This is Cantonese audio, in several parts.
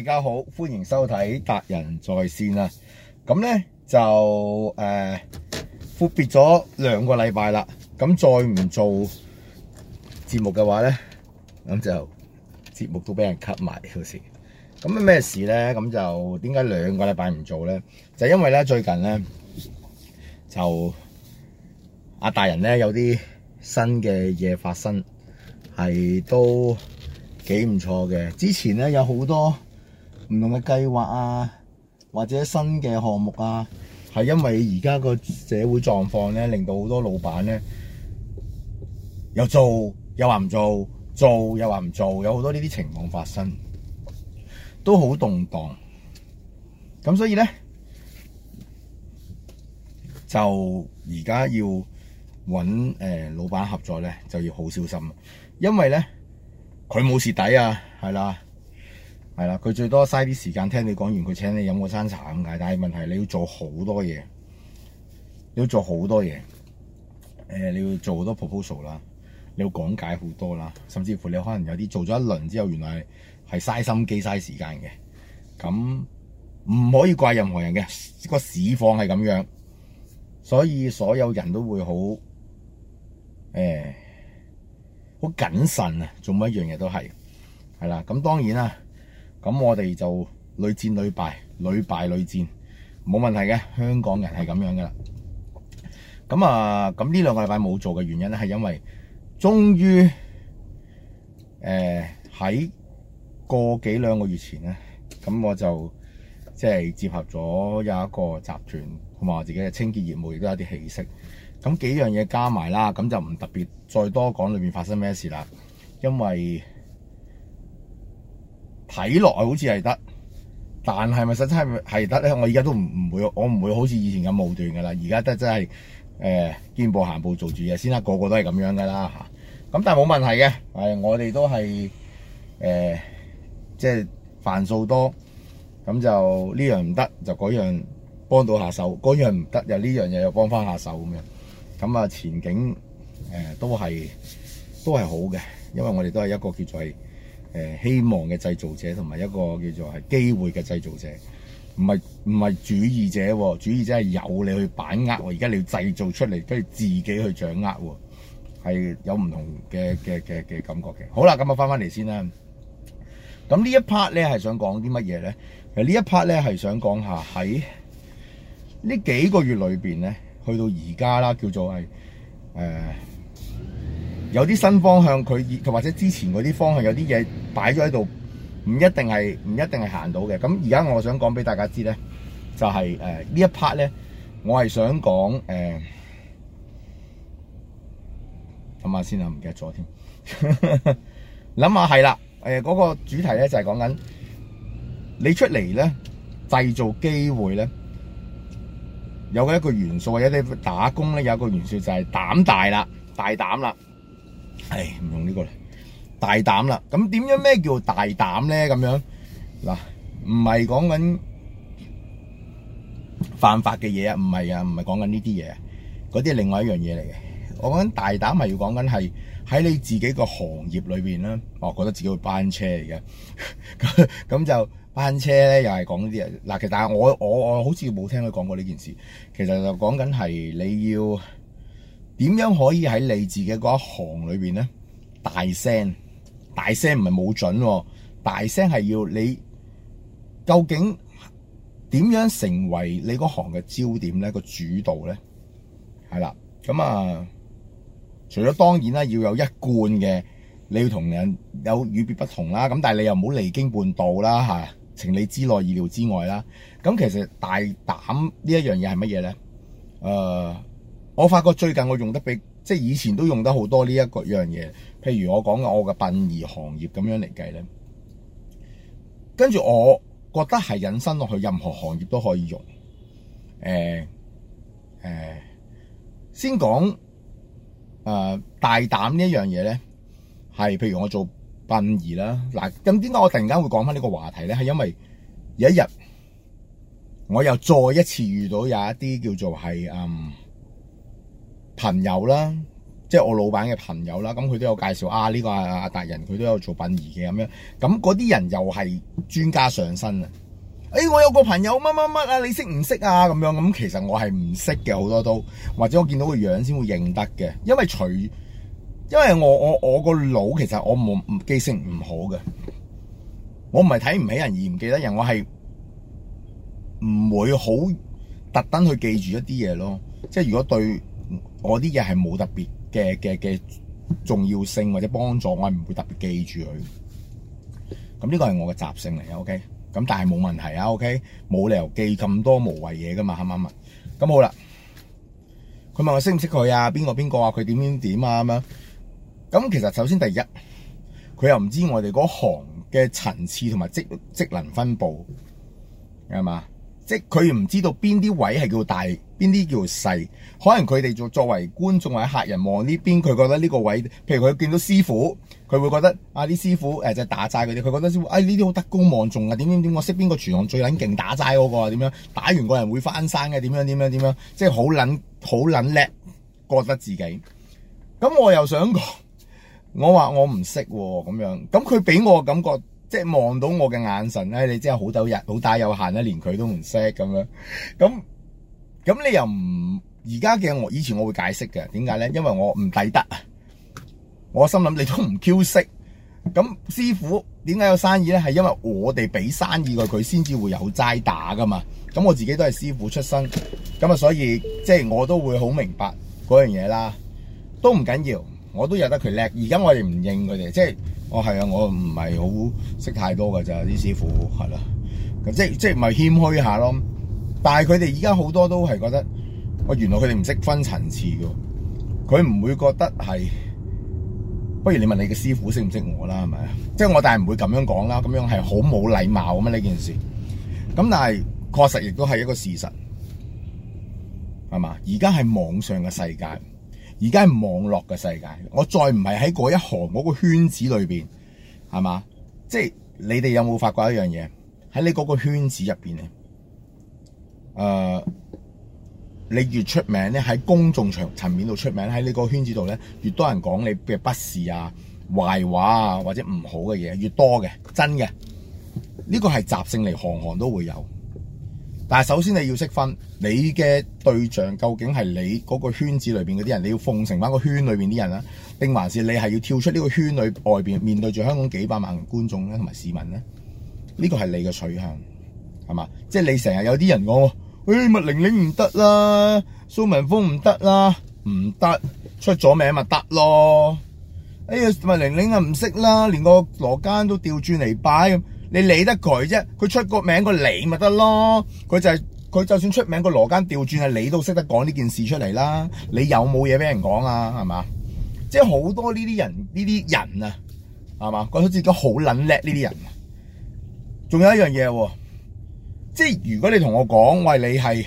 大家好，歡迎收睇達仁在線啊！咁咧就誒，闊別咗兩個禮拜啦。咁再唔做節目嘅話咧，咁就節目都俾人吸埋好似。咁咩事咧？咁就點解兩個禮拜唔做咧？就是，因為咧最近咧就阿、啊、達仁咧有啲新嘅嘢發生，係都幾唔錯嘅。之前咧有好多。唔同嘅計劃啊，或者新嘅項目啊，係因為而家個社會狀況咧，令到好多老闆咧又做又話唔做，做又話唔做，有好多呢啲情況發生，都好動蕩。咁所以呢，就而家要揾誒、呃、老闆合作呢，就要好小心，因為呢，佢冇蝕底啊，係啦。係啦，佢最多嘥啲時間聽你講完，佢請你飲個餐茶咁解。但係問題你要做好多嘢，你要做好多嘢。誒、呃，你要做好多 proposal 啦，你要講解好多啦，甚至乎你可能有啲做咗一輪之後，原來係嘥心機嘥時間嘅。咁唔可以怪任何人嘅，個市況係咁樣，所以所有人都會好誒好謹慎啊，做每一樣嘢都係係啦。咁當然啦。咁我哋就屢戰屢敗，屢敗屢戰，冇問題嘅。香港人係咁樣噶啦。咁啊，咁呢兩個禮拜冇做嘅原因咧，係因為終於誒喺個幾兩個月前咧，咁我就即係、就是、接合咗有一個集團同埋我自己嘅清潔業務，亦都有啲起色。咁幾樣嘢加埋啦，咁就唔特別再多講裏面發生咩事啦，因為。睇落好似係得，但係咪實際係得咧？我而家都唔唔會，我唔會好似以前咁武斷噶啦。而家都真係誒見步行步做住嘢先啦。個個都係咁樣噶啦嚇。咁、啊、但係冇問題嘅，誒我哋都係誒、呃、即係犯數多，咁就呢樣唔得就嗰樣幫到下手，嗰樣唔得就呢樣嘢又幫翻下手咁樣。咁啊前景誒、呃、都係都係好嘅，因為我哋都係一個叫做誒希望嘅製造者同埋一個叫做係機會嘅製造者，唔係唔係主義者，主義者係由你去把握，而家你要製造出嚟跟住自己去掌握喎，係有唔同嘅嘅嘅嘅感覺嘅。好啦，咁啊翻翻嚟先啦，咁呢一 part 咧係想講啲乜嘢咧？其實一呢一 part 咧係想講下喺呢幾個月裏邊咧，去到而家啦，叫做係誒。呃有啲新方向，佢同或者之前嗰啲方向有啲嘢擺咗喺度，唔一定係唔一定係行到嘅。咁而家我想講俾大家知咧，就係誒呢一 part 咧，我係想講誒，諗下先啊，唔記得咗添。諗下係啦，誒嗰個主題咧就係講緊你出嚟咧製造機會咧，有嘅一個元素或者你打工咧有一個元素就係膽大啦，大膽啦。誒唔用個呢個嚟大膽啦？咁點樣咩叫大膽咧？咁樣嗱，唔係講緊犯法嘅嘢啊，唔係啊，唔係講緊呢啲嘢，嗰啲係另外一樣嘢嚟嘅。我講緊大膽咪要講緊係喺你自己個行業裏邊啦。我、哦、覺得自己會班車嚟嘅，咁就班車咧，又係講呢啲嘢。嗱，其實但係我我我好似冇聽佢講過呢件事。其實就講緊係你要。點樣可以喺你自己嘅嗰一行裏邊咧大聲？大聲唔係冇準，啊，大聲係要你究竟點樣成為你嗰行嘅焦點咧個主導咧？係啦，咁、嗯、啊，除咗當然啦，要有一貫嘅，你要同人有與別不同啦，咁但係你又唔好離經叛道啦吓、啊，情理之內、意料之外啦。咁、嗯、其實大膽呢一樣嘢係乜嘢咧？誒、呃。我發覺最近我用得比即係以前都用得好多呢一個樣嘢。譬如我講嘅我嘅殯儀行業咁樣嚟計咧，跟住我覺得係引申落去，任何行業都可以用。誒、欸、誒、欸，先講誒、呃、大膽呢一樣嘢咧，係譬如我做殯儀啦。嗱，咁點解我突然間會講翻呢個話題咧？係因為有一日我又再一次遇到有一啲叫做係嗯。朋友啦，即係我老闆嘅朋友啦，咁佢都有介紹啊呢個阿阿達仁佢都有做殯儀嘅咁樣，咁嗰啲人又係專家上身啊！誒，我有個朋友乜乜乜啊，你識唔識啊？咁樣咁，其實我係唔識嘅好多都，或者我見到個樣先會認得嘅，因為除，因為我我我個腦其實我冇記性唔好嘅，我唔係睇唔起人而唔記得人，我係唔會好特登去記住一啲嘢咯，即係如果對。我啲嘢係冇特別嘅嘅嘅重要性或者幫助，我係唔會特別記住佢。咁呢個係我嘅習性嚟嘅，OK。咁但係冇問題啊，OK。冇理由記咁多無謂嘢㗎嘛，啱唔啱啊？咁好啦，佢問我識唔識佢啊？邊個邊個啊？佢點點點啊咁樣。咁其實首先第一，佢又唔知我哋嗰行嘅層次同埋職職能分佈，你明嗎？即係佢唔知道邊啲位係叫大，邊啲叫細。可能佢哋就作為觀眾或者客人望呢邊，佢覺得呢個位，譬如佢見到師傅，佢會覺得啊，啲、哎、師傅誒，即打齋佢哋，佢覺得師傅，哎呢啲好德高望重啊，點點點，我識邊個廚房最捻勁打齋嗰、那個啊，點樣打完個人會翻生嘅，點樣點樣點樣，即係好捻好捻叻，覺得自己。咁我又想講，我話我唔識喎、哦，咁樣，咁佢俾我感覺。即係望到我嘅眼神咧，哎，你真係好斗日，好打有限咧，連佢都唔識咁樣。咁咁你又唔而家嘅我以前我會解釋嘅，點解咧？因為我唔抵得啊！我心諗你都唔 Q 識。咁師傅點解有生意咧？係因為我哋俾生意過佢，佢先至會有齋打噶嘛。咁我自己都係師傅出身，咁啊，所以即係我都會好明白嗰樣嘢啦。都唔緊要，要，我都有得佢叻。而家我哋唔認佢哋，即係。我係，哦、啊，我唔係好識太多㗎咋，啲師傅係啦，咁，啊、即即咪謙虛下咯。但係佢哋而家好多都係覺得，我，哦、原來佢哋唔識分層次㗎，佢唔會覺得係，不如你問你嘅師傅識唔識我啦，係咪啊？即我但係唔會咁樣講啦，咁樣係好冇禮貌啊嘛呢件事。咁但係確實亦都係一個事實，係嘛？而家係網上嘅世界。而家係網絡嘅世界，我再唔係喺嗰一行嗰個圈子裏邊，係嘛？即係你哋有冇發覺一樣嘢？喺你嗰個圈子入邊咧，誒、呃，你越出名咧，喺公眾場層面度出名，喺你個圈子度咧，越多人講你嘅不是啊、壞話啊或者唔好嘅嘢越多嘅，真嘅，呢個係習性嚟，行行都會有。但係首先你要識分，你嘅對象究竟係你嗰個圈子裏邊嗰啲人，你要奉承翻個圈裏邊啲人啦，定還是你係要跳出呢個圈裏外邊面對住香港幾百萬觀眾咧同埋市民咧？呢個係你嘅取向係嘛？即係你成日有啲人講，喂、哎，麥玲玲唔得啦，蘇文峰唔得啦，唔得出咗名咪得咯？哎呀，麥玲玲啊唔識啦，連個羅姍都調轉嚟擺。你理得佢啫，佢出個名你，個理咪得咯。佢就係佢，就算出名，個羅間掉轉啊，你都識得講呢件事出嚟啦。你有冇嘢俾人講啊？係嘛，即係好多呢啲人呢啲人啊，係嘛，覺得自己好撚叻呢啲人。仲有一樣嘢喎，即係如果你同我講，喂，你係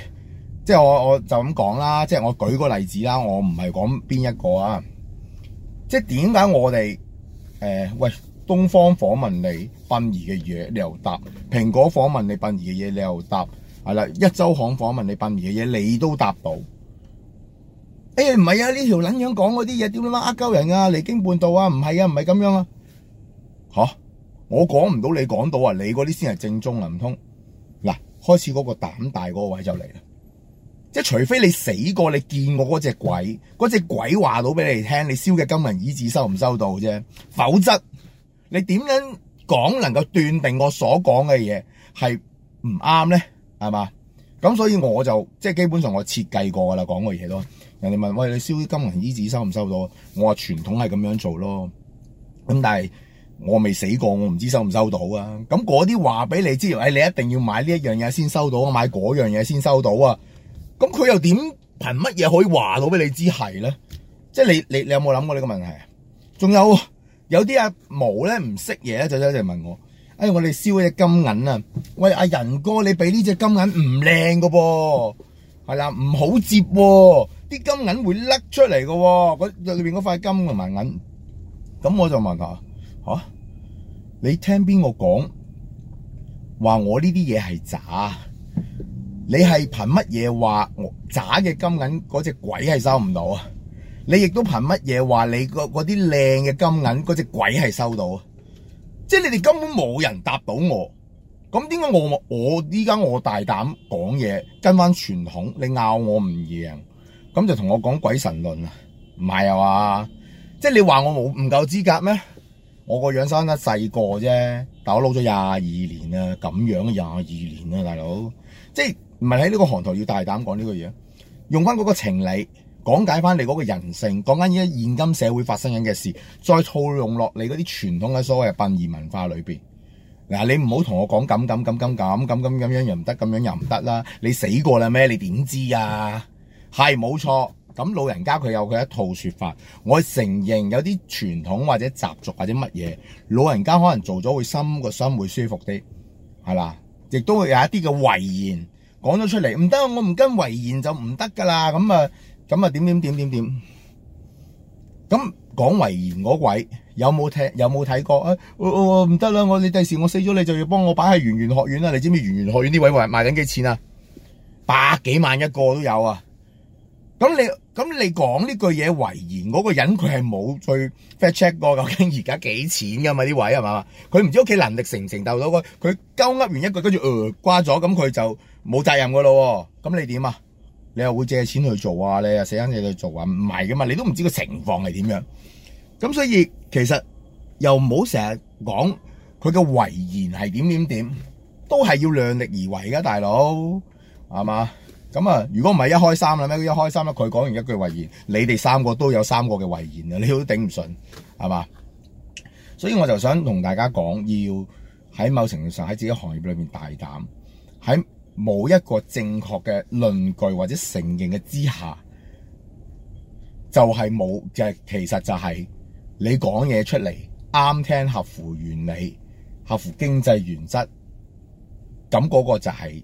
即係我我就咁講啦，即係我舉個例子啦，我唔係講邊一個啊，即係點解我哋誒喂東方訪問你？殯儀嘅嘢你又答，蘋果訪問你殯儀嘅嘢你又答，係啦，一週刊訪問你殯儀嘅嘢你都答到。哎呀唔係啊，呢條撚樣講嗰啲嘢點解咁呃鳩人啊？離經叛道啊！唔係啊，唔係咁樣啊。吓、啊，我講唔到你講到啊，你嗰啲先係正宗啊，唔通嗱，開始嗰個膽大嗰個位就嚟啦。即係除非你死過，你見過嗰隻鬼，嗰隻鬼話到俾你聽，你燒嘅金銀衣紙收唔收到啫、啊，否則你點樣？講能夠斷定我所講嘅嘢係唔啱咧，係嘛？咁所以我就即係基本上我設計過噶啦，講嘅嘢咯。人哋問，喂，你燒啲金銀衣紙收唔收到？我話傳統係咁樣做咯。咁但係我未死過，我唔知收唔收到啊。咁嗰啲話俾你知，誒、哎，你一定要買呢一樣嘢先收到，買嗰樣嘢先收到啊。咁佢又點憑乜嘢可以話到俾你知係咧？即係你你你有冇諗過呢個問題啊？仲有。有啲阿毛咧唔識嘢咧，就一直問我，哎，我哋燒嗰隻金銀啊！喂，阿仁哥，你俾呢隻金銀唔靚噶噃，係啦，唔好接，啊，啲金銀會甩出嚟噶，嗰裏邊嗰塊金同埋銀。咁我就問佢：啊「吓，你聽邊個講？話我呢啲嘢係渣，你係憑乜嘢話？我渣嘅金銀嗰隻鬼係收唔到啊！你亦都憑乜嘢話你嗰啲靚嘅金銀嗰隻鬼係收到啊？即係你哋根本冇人答到我，咁點解我我依家我大膽講嘢，跟翻傳統，你拗我唔贏，咁就同我講鬼神論啊？唔係啊嘛？即係你話我冇唔夠資格咩？我個樣生得細個啫，但我老咗廿二年啊，咁樣廿二年啊，大佬，即係唔係喺呢個行頭要大膽講呢個嘢，用翻嗰個情理。講解翻你嗰個人性，講緊依家現今社會發生緊嘅事，再套用落你嗰啲傳統嘅所謂嘅殯儀文化裏邊嗱，你唔好同我講咁咁咁咁咁咁咁咁，樣又唔得，咁樣又唔得啦。你死過啦咩？你點知啊？係冇 錯咁，老人家佢有佢一套説法。我承認有啲傳統或者習俗或者乜嘢，老人家可能做咗會心個心會舒服啲，係啦，亦都會有一啲嘅遺言講咗出嚟，唔得、啊、我唔跟遺言就唔得㗎啦。咁、嗯、啊～咁啊，點點點點點，咁講遺言嗰位有冇聽有冇睇過啊？唔得啦，我你第時我死咗，你就要幫我擺喺圓玄學院啦、啊。你知唔知圓玄學院啲位賣賣緊幾錢啊？百幾萬一個都有啊！咁你咁你講呢句嘢遺言嗰、那個人，佢係冇去 fact check 過，究竟而家幾錢噶嘛？啲位係嘛？佢唔知屋企能力承唔承受到個，佢鳩噏完一句跟住呃瓜咗，咁、呃、佢、呃呃呃呃、就冇責任噶咯。咁你點啊？你又會借錢去做啊？你又死硬嘢去做啊？唔係噶嘛，你都唔知個情況係點樣。咁所以其實又唔好成日講佢嘅遺言係點點點，都係要量力而為噶，大佬係嘛？咁啊，如果唔係一開三啦咩？一開三啦，佢講完一句遺言，你哋三個都有三個嘅遺言啊，你都頂唔順係嘛？所以我就想同大家講，要喺某程度上喺自己行業裏面大膽喺。冇一個正確嘅論據或者承認嘅之下，就係冇嘅。其實就係、是、你講嘢出嚟啱聽，合乎原理，合乎經濟原則，咁嗰個就係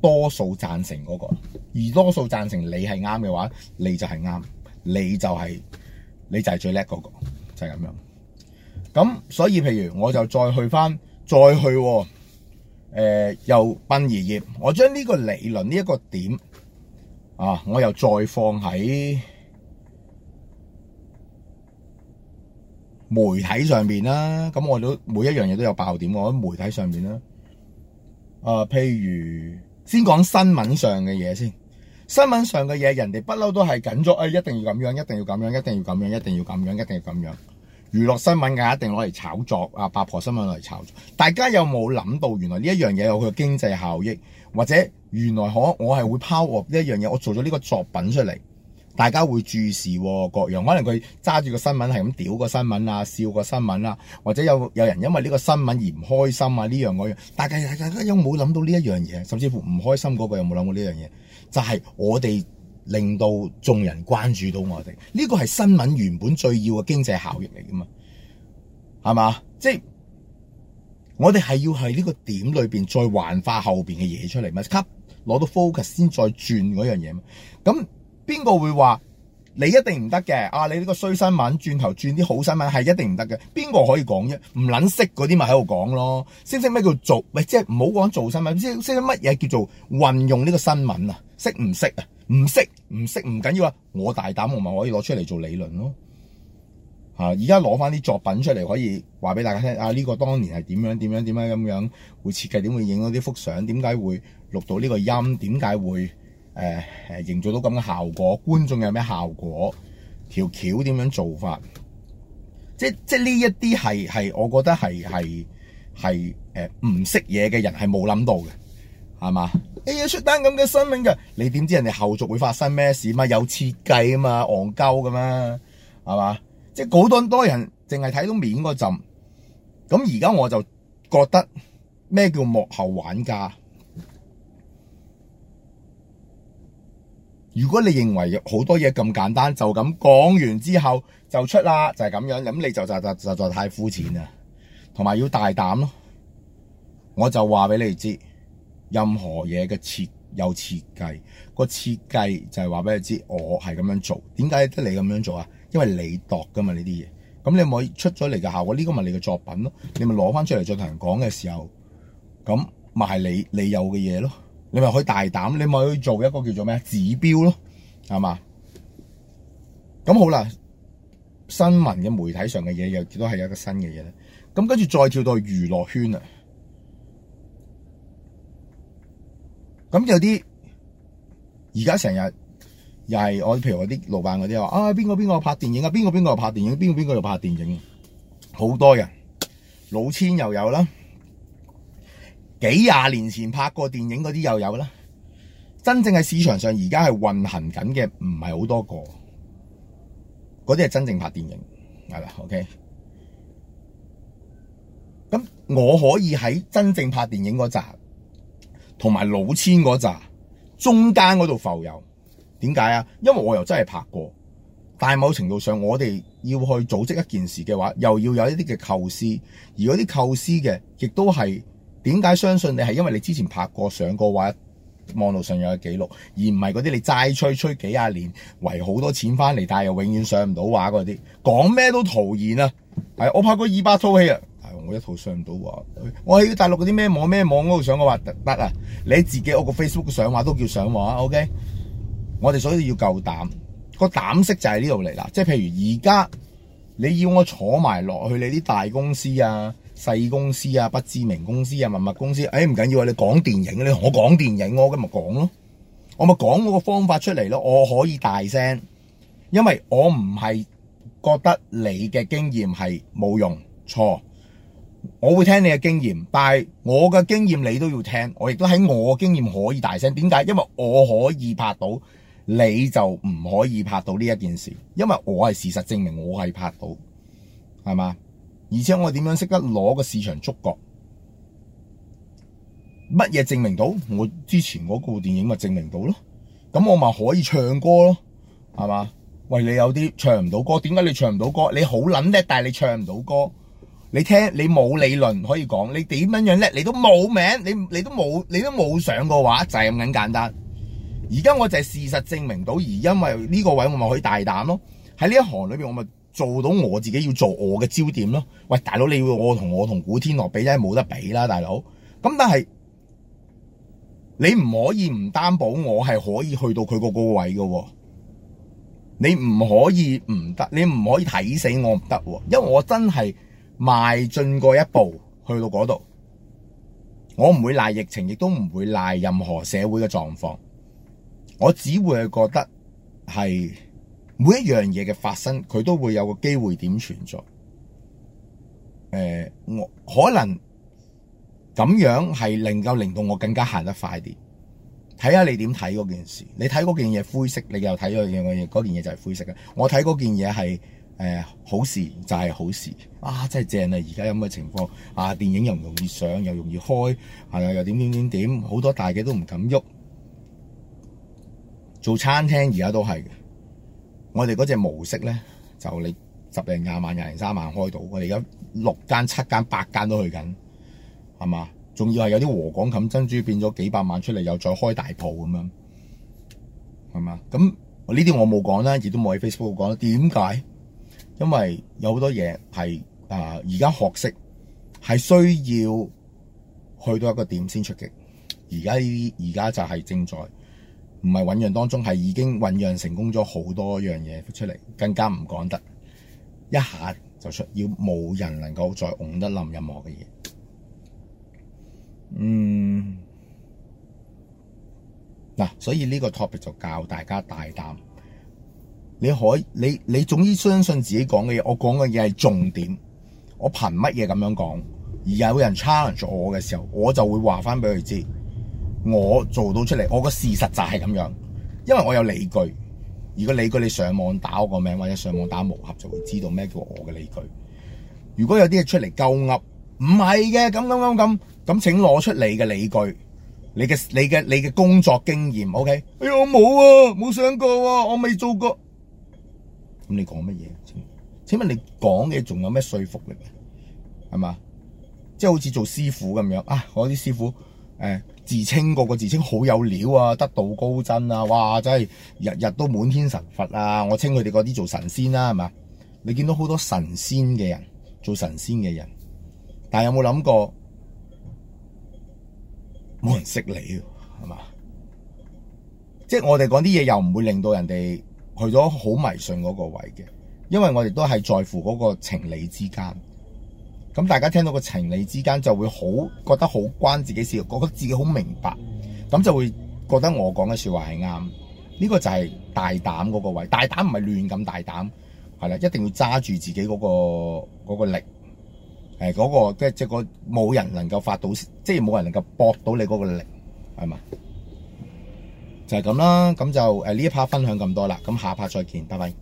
多數贊成嗰、那個。而多數贊成你係啱嘅話，你就係啱，你就係、是、你就係最叻嗰、那個，就係、是、咁樣。咁所以，譬如我就再去返，再去、啊。誒又殯儀業，我將呢個理論呢一個點啊，我又再放喺媒體上面啦。咁我都每一樣嘢都有爆點，我喺媒體上面啦。啊，譬如先講新聞上嘅嘢先，新聞上嘅嘢人哋不嬲都係緊咗，誒一定要咁樣，一定要咁樣，一定要咁樣，一定要咁樣，一定要咁樣。娛樂新聞嘅一定攞嚟炒作，啊八婆新聞攞嚟炒作。大家有冇諗到原來呢一樣嘢有佢嘅經濟效益，或者原來可我係會拋鑊呢一樣嘢，我做咗呢個作品出嚟，大家會注視、哦、各樣。可能佢揸住個新聞係咁屌個新聞啊，笑個新聞啦，或者有有人因為呢個新聞而唔開心啊呢樣嗰樣。大家大家有冇諗到呢一樣嘢？甚至乎唔開心嗰個有冇諗過呢樣嘢？就係、是、我哋。令到眾人關注到我哋呢個係新聞原本最要嘅經濟效益嚟噶嘛？係嘛？即係我哋係要喺呢個點裏邊再幻化後邊嘅嘢出嚟嘛？即刻攞到 focus 先再轉嗰樣嘢嘛？咁邊個會話你一定唔得嘅啊？你呢個衰新聞轉頭轉啲好新聞係一定唔得嘅？邊個可以講啫？唔撚識嗰啲咪喺度講咯？識唔識咩叫做喂？即係唔好講做新聞，識唔識乜嘢叫做運用呢個新聞啊？知知識唔識啊？唔識唔識唔緊要啊！我大膽，我咪可以攞出嚟做理論咯、啊。吓，而家攞翻啲作品出嚟，可以話俾大家聽啊！呢個當年係點樣點樣點樣咁樣，會設計點會影到啲幅相，點解會錄到呢個音，點解會誒誒營造到咁嘅效果？觀眾有咩效果？條橋點樣做法？即即呢一啲係係，我覺得係係係誒唔識嘢嘅人係冇諗到嘅。係嘛、哎？你要出單咁嘅新聞嘅，你點知人哋後續會發生咩事設計嘛？有設計啊嘛，戇鳩噶嘛，係嘛？即係好多多人淨係睇到面嗰陣，咁而家我就覺得咩叫幕後玩家？如果你認為好多嘢咁簡單，就咁講完之後就出啦，就係、是、咁樣咁，你就就就實在太膚淺啦，同埋要大膽咯。我就話俾你知。任何嘢嘅設有設計個設計就係話俾你知，我係咁樣做，點解得你咁樣做啊？因為你度噶嘛呢啲嘢，咁你咪可以出咗嚟嘅效果？呢個咪你嘅作品咯，你咪攞翻出嚟再同人講嘅時候，咁咪係你你有嘅嘢咯，你咪可以大膽，你咪去做一個叫做咩指標咯，係嘛？咁好啦，新聞嘅媒體上嘅嘢又都係一個新嘅嘢咧，咁跟住再跳到娛樂圈啊。咁有啲而家成日又係我譬如我啲老闆嗰啲話啊邊個邊個拍電影啊邊個邊個拍電影邊個邊個又拍電影，好多人老千又有啦，幾廿年前拍過電影嗰啲又有啦，真正喺市場上而家係運行緊嘅唔係好多個，嗰啲係真正拍電影係啦。OK，咁我可以喺真正拍電影嗰集。同埋老千嗰扎中間嗰度浮油，點解啊？因為我又真係拍過，但係某程度上我哋要去組織一件事嘅話，又要有一啲嘅構思，而嗰啲構思嘅亦都係點解相信你係因為你之前拍過上過畫，網絡上有嘅記錄，而唔係嗰啲你齋吹吹幾廿年，圍好多錢翻嚟，但係又永遠上唔到畫嗰啲，講咩都徒然啊！係我拍過二百套戲啊！我一套上唔到畫，我喺大陸嗰啲咩網咩網嗰度上嘅話得啊？你自己屋個 Facebook 嘅上畫都叫上畫，OK？我哋所以要夠膽，個膽色就喺呢度嚟啦。即係譬如而家你要我坐埋落去你啲大公司啊、細公司啊、不知名公司啊、文物，物公司，誒唔緊要啊！你講電影，你同我講電影啊，我咁咪講咯，我咪講嗰個方法出嚟咯。我可以大聲，因為我唔係覺得你嘅經驗係冇用錯。我會聽你嘅經驗，但係我嘅經驗你都要聽，我亦都喺我嘅經驗可以大聲。點解？因為我可以拍到，你就唔可以拍到呢一件事。因為我係事實證明我係拍到，係嘛？而且我點樣識得攞個市場觸覺？乜嘢證明到？我之前嗰個電影咪證明到咯？咁我咪可以唱歌咯，係嘛？喂，你有啲唱唔到歌，點解你唱唔到歌？你好撚叻，但係你唱唔到歌。你聽，你冇理論可以講，你點樣樣叻，你都冇名，你你都冇，你都冇上過話，就係咁簡單。而家我就係事實證明到，而因為呢個位我咪可以大膽咯。喺呢一行裏邊，我咪做到我自己要做我嘅焦點咯。喂，大佬，你要我同我同古天樂比真係冇得比啦，大佬。咁但係你唔可以唔擔保我係可以去到佢個高位嘅。你唔可以唔得，你唔可以睇死我唔得，因為我真係。邁進過一步去到嗰度，我唔會賴疫情，亦都唔會賴任何社會嘅狀況。我只會係覺得係每一樣嘢嘅發生，佢都會有個機會點存在。誒、我，可能咁樣係能夠令到我更加行得快啲。睇下你點睇嗰件事？你睇嗰件嘢灰色，你又睇嗰件嘢，嗰件嘢就係灰色嘅。我睇嗰件嘢係。誒、嗯、好事就係好事啊！真係正啊！而家咁嘅情況啊，電影又唔容易上，又容易開，係啊，又點點點點，好多大嘅都唔敢喐。做餐廳而家都係我哋嗰隻模式咧，就你十零廿萬、廿零三萬開到。我哋而家六間、七間、八間都去緊，係嘛？仲要係有啲和港冚珍珠變咗幾百萬出嚟，又再開大鋪咁樣，係嘛？咁呢啲我冇講啦，亦都冇喺 Facebook 講，點解？因為有好多嘢係誒，而家學識係需要去到一個點先出擊，而家而家就係正在唔係醞釀當中，係已經醞釀成功咗好多樣嘢出嚟，更加唔講得一下就出，要冇人能夠再揞得冧任何嘅嘢。嗯，嗱，所以呢個 topic 就教大家大膽。你可以你你總之相信自己講嘅嘢。我講嘅嘢係重點。我憑乜嘢咁樣講？而有人 challenge 我嘅時候，我就會話翻俾佢知，我做到出嚟，我個事實就係咁樣，因為我有理據。如果理據，你上網打我個名或者上網打模合，就會知道咩叫我嘅理據。如果有啲嘢出嚟，夠噏唔係嘅咁咁咁咁咁，請攞出你嘅理據，你嘅你嘅你嘅工作經驗。OK，哎呀，我冇啊，冇上過啊，我未做過。咁你講乜嘢？請問你講嘅仲有咩說服力啊？係嘛？即係好似做師傅咁樣啊！我啲師傅誒自稱，個個自稱好有料啊，得道高僧啊！哇，真係日日都滿天神佛啊！我稱佢哋嗰啲做神仙啦，啊，係嘛？你見到好多神仙嘅人，做神仙嘅人，但係有冇諗過冇人識你啊？係嘛？即係我哋講啲嘢又唔會令到人哋。去咗好迷信嗰個位嘅，因為我哋都係在乎嗰個情理之間。咁大家聽到個情理之間，就會好覺得好關自己事，覺得自己好明白，咁就會覺得我講嘅說話係啱。呢個就係大膽嗰個位，大膽唔係亂咁大膽，係啦，一定要揸住自己嗰個嗰個力，誒，嗰個即係即係個冇人能夠發到，即係冇人能夠駁到你嗰個力，係嘛？就係咁啦，咁就誒呢一 part 分享咁多啦，咁下 part 再見，拜拜。